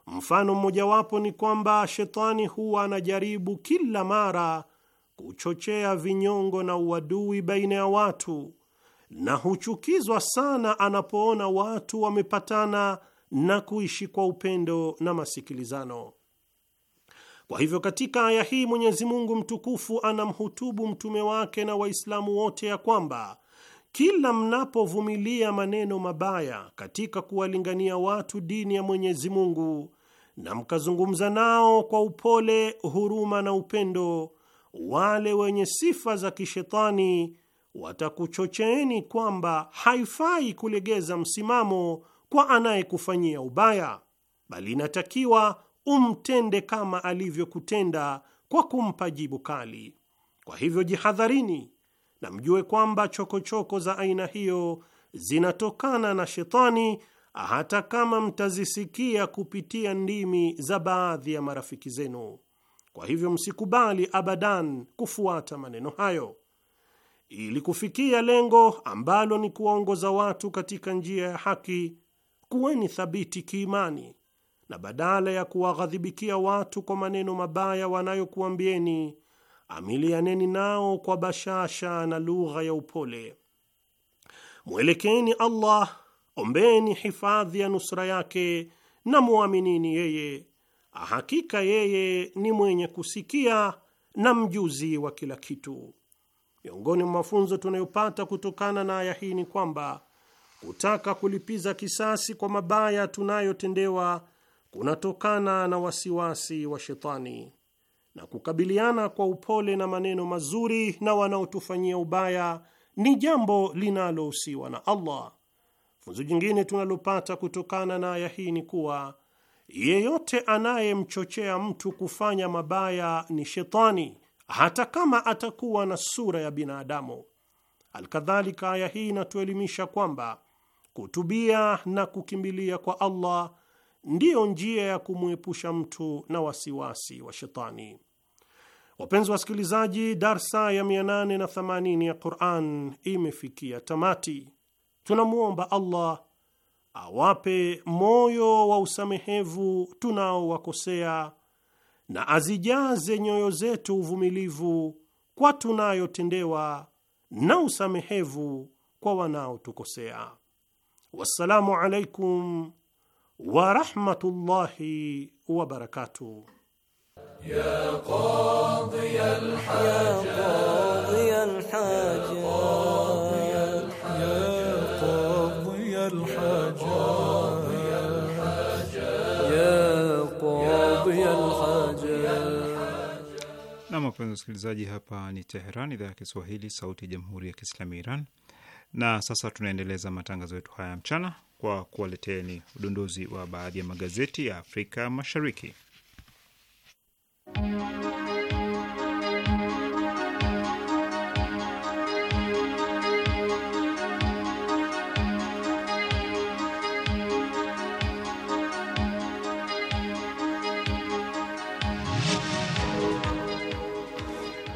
Mfano mmojawapo ni kwamba shetani huwa anajaribu kila mara kuchochea vinyongo na uadui baina ya watu, na huchukizwa sana anapoona watu wamepatana na kuishi kwa upendo na masikilizano. Kwa hivyo katika aya hii Mwenyezi Mungu mtukufu anamhutubu mtume wake na Waislamu wote ya kwamba kila mnapovumilia maneno mabaya katika kuwalingania watu dini ya Mwenyezi Mungu na mkazungumza nao kwa upole, huruma na upendo, wale wenye sifa za kishetani watakuchocheeni kwamba haifai kulegeza msimamo kwa anayekufanyia ubaya, bali inatakiwa umtende kama alivyokutenda kwa kumpa jibu kali. Kwa hivyo jihadharini na mjue kwamba chokochoko choko za aina hiyo zinatokana na shetani, hata kama mtazisikia kupitia ndimi za baadhi ya marafiki zenu. Kwa hivyo msikubali abadan kufuata maneno hayo. Ili kufikia lengo ambalo ni kuwaongoza watu katika njia ya haki, kuweni thabiti kiimani na badala ya kuwaghadhibikia watu kwa maneno mabaya wanayokuambieni, amilianeni nao kwa bashasha na lugha ya upole. Mwelekeni Allah, ombeni hifadhi ya nusra yake na muaminini yeye, hakika yeye ni mwenye kusikia na mjuzi wa kila kitu. Miongoni mwa mafunzo tunayopata kutokana na aya hii ni kwamba kutaka kulipiza kisasi kwa mabaya tunayotendewa kunatokana na wasiwasi wa shetani, na kukabiliana kwa upole na maneno mazuri na wanaotufanyia ubaya ni jambo linalohusiwa na Allah. Funzo jingine tunalopata kutokana na aya hii ni kuwa yeyote anayemchochea mtu kufanya mabaya ni shetani, hata kama atakuwa na sura ya binadamu. Alkadhalika, aya hii inatuelimisha kwamba kutubia na kukimbilia kwa Allah ndiyo njia ya kumwepusha mtu na wasiwasi wa shetani. Wapenzi wasikilizaji, darsa ya 880 ya Quran imefikia tamati. Tunamwomba Allah awape moyo wa usamehevu tunaowakosea na azijaze nyoyo zetu uvumilivu kwa tunayotendewa na usamehevu kwa wanaotukosea. Wassalamu alaikum ورحمة الله وبركاته يا قاضي الحاجات يا قاضي الحاجات يا قاضي الحاجات يا قاضي الحاجات Na wapenzi wasikilizaji, hapa ni Teheran, idhaa ya Kiswahili, sauti ya jamhuri ya kiislamu Iran. Na sasa tunaendeleza matangazo yetu haya mchana kwa kuwaleteeni udondozi wa baadhi ya magazeti ya Afrika Mashariki.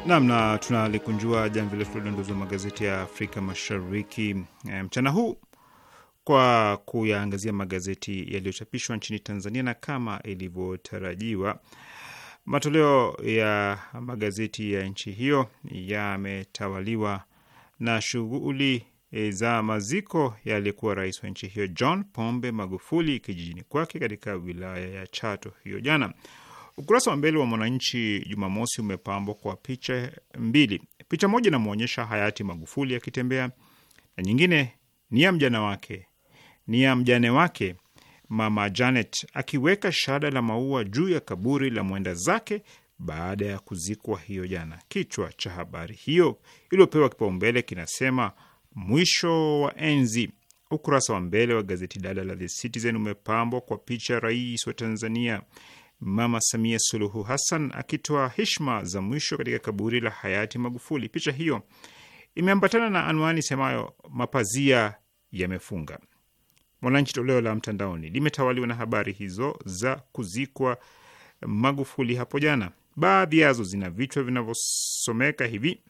namna tunalikunjua jamvi letu la wa magazeti ya Afrika Mashariki eh, mchana huu kwa kuyaangazia magazeti yaliyochapishwa nchini Tanzania, na kama ilivyotarajiwa matoleo ya magazeti ya nchi hiyo yametawaliwa na shughuli e, za maziko yaliyekuwa rais wa nchi hiyo John Pombe Magufuli kijijini kwake katika wilaya ya Chato hiyo jana. Ukurasa wa mbele wa Mwananchi Jumamosi umepambwa kwa picha mbili. Picha moja inamwonyesha hayati Magufuli akitembea na nyingine ni ya mjane wake ni ya mjane wake Mama Janet akiweka shada la maua juu ya kaburi la mwenda zake baada ya kuzikwa hiyo jana. Kichwa cha habari hiyo iliyopewa kipaumbele kinasema mwisho wa enzi. Ukurasa wa mbele wa gazeti dada la The Citizen umepambwa kwa picha ya rais wa Tanzania Mama Samia Suluhu Hassan akitoa heshima za mwisho katika kaburi la hayati Magufuli. Picha hiyo imeambatana na anwani semayo mapazia yamefunga. Mwananchi toleo la mtandaoni limetawaliwa na habari hizo za kuzikwa Magufuli hapo jana. Baadhi yazo zina vichwa vinavyosomeka hivi: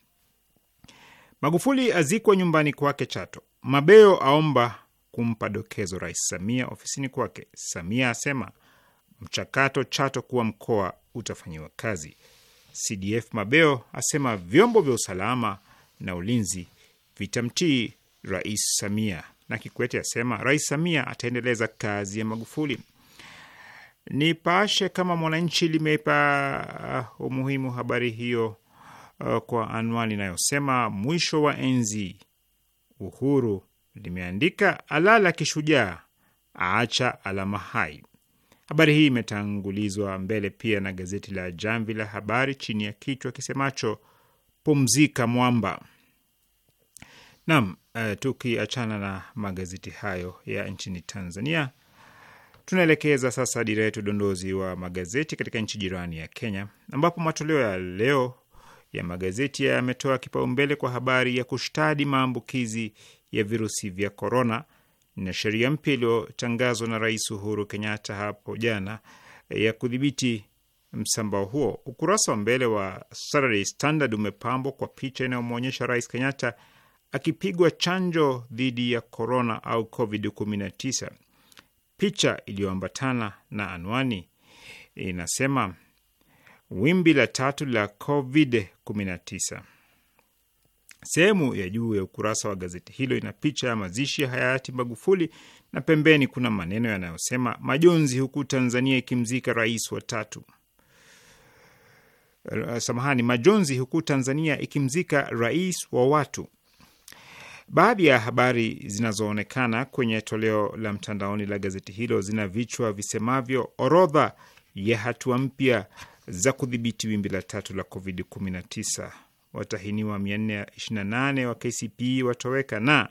Magufuli azikwa nyumbani kwake Chato, Mabeo aomba kumpa dokezo Rais Samia ofisini kwake, Samia asema mchakato Chato kuwa mkoa utafanyiwa kazi. CDF Mabeo asema vyombo vya usalama na ulinzi vitamtii Rais Samia, na Kikwete asema Rais Samia ataendeleza kazi ya Magufuli. Nipashe kama Mwananchi limeipa uh, umuhimu habari hiyo uh, kwa anwani inayosema mwisho wa enzi Uhuru. Limeandika alala kishujaa, aacha alama hai. Habari hii imetangulizwa mbele pia na gazeti la Jamvi la Habari chini ya kichwa kisemacho pumzika mwamba. Naam, uh, tukiachana na magazeti hayo ya nchini Tanzania, tunaelekeza sasa dira yetu dondozi wa magazeti katika nchi jirani ya Kenya, ambapo matoleo ya leo ya magazeti yametoa kipaumbele kwa habari ya kushtadi maambukizi ya virusi vya korona na sheria mpya iliyotangazwa na Rais Uhuru Kenyatta hapo jana eh, ya kudhibiti msambao huo. Ukurasa wa mbele wa Saturday Standard umepambwa kwa picha inayomwonyesha Rais Kenyatta akipigwa chanjo dhidi ya korona au COVID-19. Picha iliyoambatana na anwani inasema wimbi la tatu la COVID-19. Sehemu ya juu ya ukurasa wa gazeti hilo ina picha ya mazishi ya hayati Magufuli na pembeni kuna maneno yanayosema majonzi, huku Tanzania ikimzika rais wa tatu. Uh, samahani, majonzi, huku Tanzania ikimzika rais wa watu. Baadhi ya habari zinazoonekana kwenye toleo la mtandaoni la gazeti hilo zina vichwa visemavyo: orodha ya hatua mpya za kudhibiti wimbi la tatu la COVID-19, watahiniwa 428 wa kcp watoweka na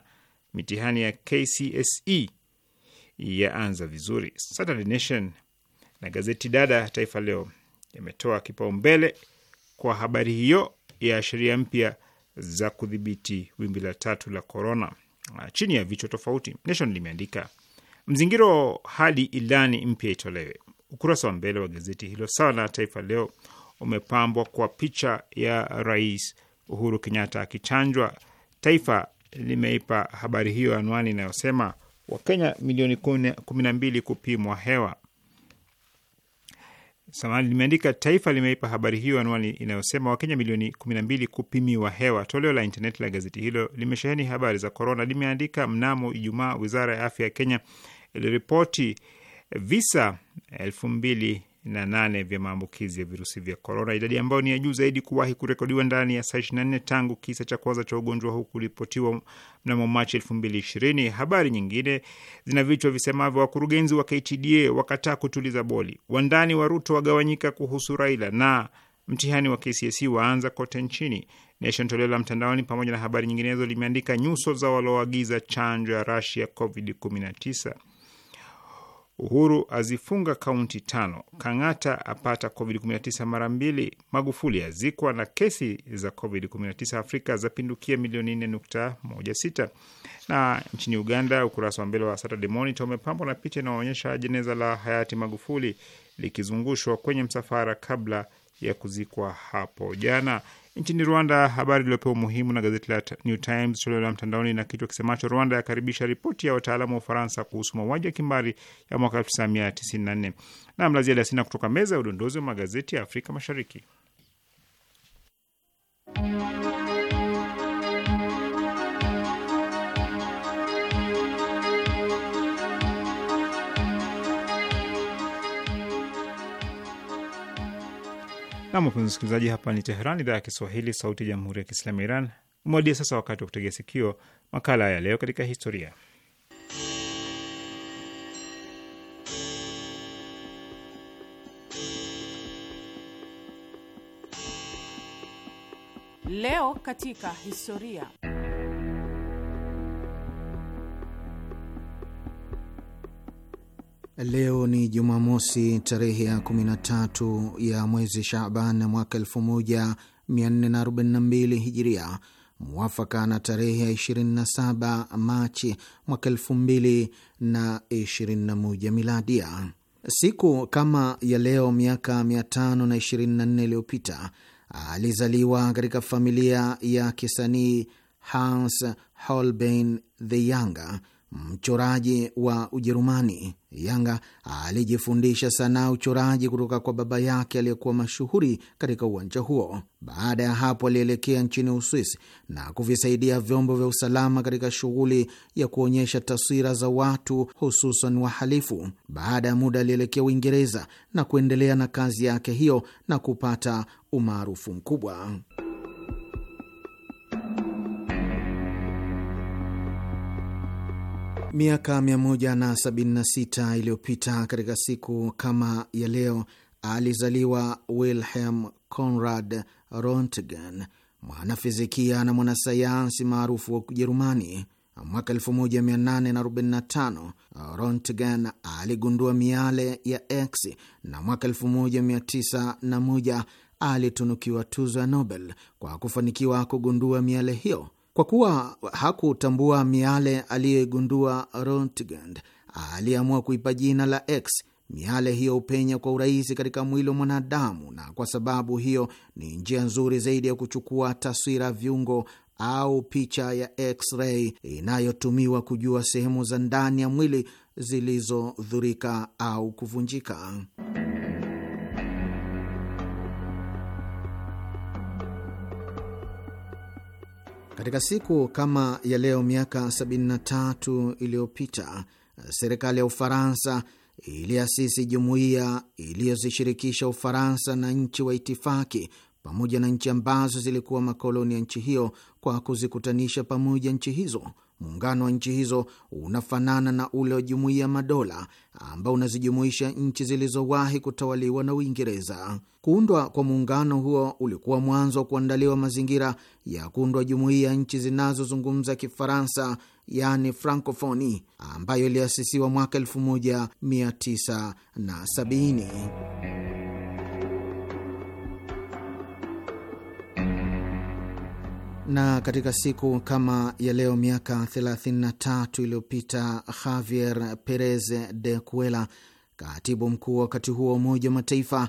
mitihani ya KCSE yaanza vizuri. Saturday Nation na gazeti dada ya Taifa Leo yametoa kipaumbele kwa habari hiyo ya sheria mpya za kudhibiti wimbi la tatu la korona ah, chini ya vichwa tofauti. Nation limeandika mzingiro hadi ilani mpya itolewe. Ukurasa wa mbele wa gazeti hilo sawa na Taifa Leo umepambwa kwa picha ya Rais Uhuru Kenyatta akichanjwa. Taifa limeipa habari hiyo anwani inayosema Wakenya milioni kumi na mbili kupimwa hewa. Samahani, limeandika Taifa limeipa habari hiyo anwani inayosema Wakenya milioni 12 kupimiwa hewa. Toleo la intaneti la gazeti hilo limesheheni habari za korona. Limeandika mnamo Ijumaa, wizara ya afya ya Kenya iliripoti visa elfu mbili na nane vya maambukizi ya virusi vya korona, idadi ambayo ni ya juu zaidi kuwahi kurekodiwa ndani ya saa nne tangu kisa cha kwanza cha ugonjwa huu kuripotiwa mnamo Machi ishirini. Habari nyingine zina vichwa visemavyo: wakurugenzi wa KTDA wakataa kutuliza boli, wandani wa Ruto wagawanyika kuhusu Raila, na mtihani wa KCSE waanza kote nchini. Nation toleo la mtandaoni, pamoja na habari nyinginezo, limeandika nyuso za walioagiza chanjo ya Rasia COVID-19. Uhuru azifunga kaunti tano. Kang'ata apata COVID-19 mara mbili. Magufuli azikwa na kesi za COVID-19 Afrika zapindukia milioni 4.16. Na nchini Uganda, ukurasa wa mbele wa Saturday Monitor umepambwa na picha inayoonyesha jeneza la hayati Magufuli likizungushwa kwenye msafara kabla ya kuzikwa hapo jana. Nchini Rwanda, habari iliyopewa umuhimu na gazeti la New Times toleo la mtandaoni na kichwa kisemacho Rwanda yakaribisha ripoti ya wataalamu wa Ufaransa kuhusu mauaji ya kimbari ya mwaka 1994. Na mlazia dasina kutoka meza ya udondozi wa magazeti ya Afrika Mashariki. Na mpenzi msikilizaji, hapa ni Teheran, idhaa ya Kiswahili, sauti ya jamhuri ya kiislamu Iran. Umewadia sasa wakati wa kutegea sikio makala ya leo katika historia. Leo katika historia Leo ni Jumamosi, tarehe ya 13 ya mwezi Shaban mwaka 1442 Hijiria, mwafaka na tarehe ya 27 Machi mwaka 2021 Miladia. Siku kama ya leo miaka 524 iliyopita alizaliwa katika familia ya kisanii Hans Holbein the Younger mchoraji wa Ujerumani. Yanga alijifundisha sanaa uchoraji kutoka kwa baba yake aliyekuwa mashuhuri katika uwanja huo. Baada ya hapo, alielekea nchini Uswisi na kuvisaidia vyombo vya usalama katika shughuli ya kuonyesha taswira za watu, hususan wahalifu. Baada ya muda, alielekea Uingereza na kuendelea na kazi yake hiyo na kupata umaarufu mkubwa. Miaka 176 iliyopita katika siku kama ya leo alizaliwa Wilhelm Conrad Rontgen, mwanafizikia na mwanasayansi maarufu wa Ujerumani. Mwaka 1845 Rontgen aligundua miale ya X na mwaka 1901 alitunukiwa tuzo ya Nobel kwa kufanikiwa kugundua miale hiyo. Kwa kuwa hakutambua miale aliyoigundua Rontgen, aliamua kuipa jina la X. Miale hiyo hupenya kwa urahisi katika mwili wa mwanadamu, na kwa sababu hiyo ni njia nzuri zaidi ya kuchukua taswira vyungo viungo au picha ya X-ray inayotumiwa kujua sehemu za ndani ya mwili zilizodhurika au kuvunjika. Katika siku kama ya leo miaka 73 iliyopita serikali ya Ufaransa iliasisi jumuiya iliyozishirikisha Ufaransa na nchi wa itifaki pamoja na nchi ambazo zilikuwa makoloni ya nchi hiyo kwa kuzikutanisha pamoja nchi hizo. Muungano wa nchi hizo unafanana na ule wa Jumuiya ya Madola ambao unazijumuisha nchi zilizowahi kutawaliwa na Uingereza. Kuundwa kwa muungano huo ulikuwa mwanzo wa kuandaliwa mazingira ya kuundwa jumuiya ya nchi zinazozungumza Kifaransa, yaani Frankofoni, ambayo iliasisiwa mwaka 1970. Na katika siku kama ya leo miaka 33 iliyopita Javier Perez de Cuela, katibu mkuu wakati huo wa Umoja wa Mataifa,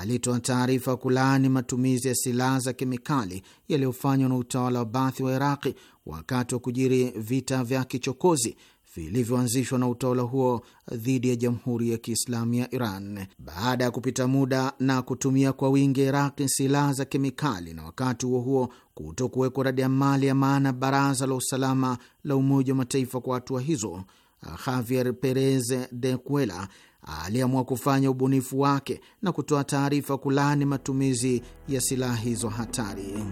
alitoa taarifa kulaani matumizi ya silaha za kemikali yaliyofanywa na utawala wa Bathi wa Iraqi wakati wa kujiri vita vya kichokozi vilivyoanzishwa na utawala huo dhidi ya Jamhuri ya Kiislamu ya Iran. Baada ya kupita muda na kutumia kwa wingi Iraqi silaha za kemikali, na wakati huo huo kuto kuwekwa radi ya mali ya maana Baraza la Usalama la Umoja wa Mataifa kwa hatua hizo, Javier Perez de Cuela aliamua kufanya ubunifu wake na kutoa taarifa kulaani matumizi ya silaha hizo hatari.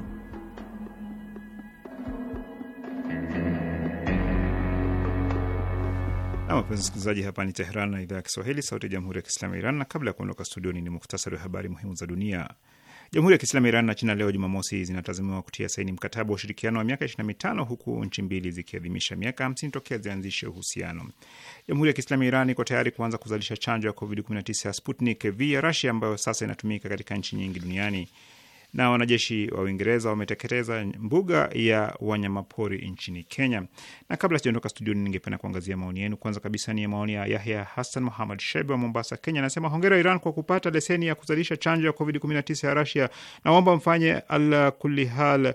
Na wapenzi msikilizaji, hapa ni Tehran na idhaa ya Kiswahili, sauti ya jamhuri ya kiislamu ya Iran. Na kabla ya kuondoka studioni, ni muktasari wa habari muhimu za dunia. Jamhuri ya Kiislamu ya Iran na China leo Jumamosi zinatazamiwa kutia saini mkataba wa ushirikiano wa miaka 25 huku nchi mbili zikiadhimisha miaka 50 tokea zianzishe uhusiano. Jamhuri ya Kiislamu ya Iran iko tayari kuanza kuzalisha chanjo ya COVID-19 ya Sputnik V ya Rasia ambayo sasa inatumika katika nchi nyingi duniani na wanajeshi wa Uingereza wameteketeza mbuga ya wanyamapori nchini Kenya. Na kabla sijaondoka studioni, ningependa kuangazia maoni yenu. Kwanza kabisa ni maoni ya Yahya Hassan Muhamad Shebe wa Mombasa, Kenya. Anasema hongera Iran kwa kupata leseni ya kuzalisha chanjo ya COVID-19 ya Rasia. Naomba mfanye ala kulli hal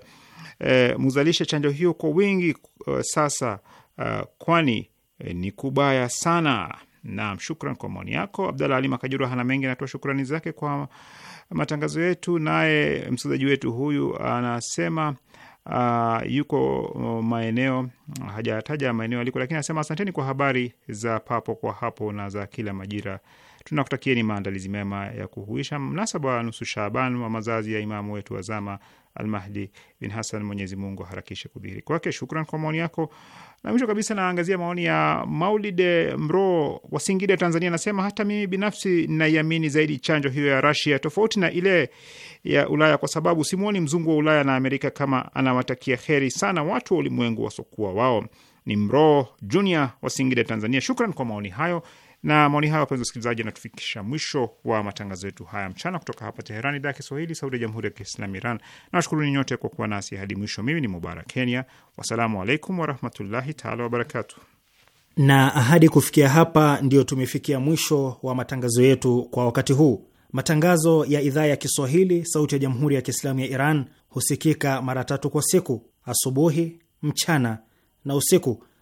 eh, muzalishe chanjo hiyo kwa wingi uh, sasa uh, kwani eh, ni kubaya sana. Naam, shukran kwa maoni yako. Abdalla Ali Makajura hana mengi, anatoa shukrani zake kwa matangazo yetu. Naye msikilizaji wetu huyu anasema uh, yuko maeneo hajataja maeneo aliko, lakini anasema asanteni kwa habari za papo kwa hapo na za kila majira. Tunakutakieni maandalizi mema ya kuhuisha mnasaba wa nusu Shaaban wa mazazi ya imamu wetu wa zama Almahdi bin Hasan. Mwenyezi Mungu aharakishe kudhihiri kwake. Shukran kwa maoni yako. Na mwisho kabisa naangazia maoni ya Maulid Mro wa Singida, Tanzania. Anasema hata mimi binafsi naiamini zaidi chanjo hiyo ya Rasia tofauti na ile ya Ulaya kwa sababu simwoni mzungu wa Ulaya na Amerika kama anawatakia heri sana watu wa ulimwengu wasokuwa wao. Ni Mro Junior wa Singida, Tanzania. Shukran kwa maoni hayo na maoni hayo, wapenzi wasikilizaji, anatufikisha mwisho wa matangazo yetu haya mchana kutoka hapa Teheran, idhaa ya Kiswahili, sauti ya jamhuri ya kiislamu Iran. Nawashukuruni nyote kwa kuwa nasi hadi mwisho. Mimi ni Mubarak Kenya, wassalamu alaikum warahmatullahi taala wabarakatu. Na ahadi kufikia hapa, ndiyo tumefikia mwisho wa matangazo yetu kwa wakati huu. Matangazo ya idhaa ya Kiswahili, sauti ya jamhuri ya kiislamu ya Iran husikika mara tatu kwa siku: asubuhi, mchana na usiku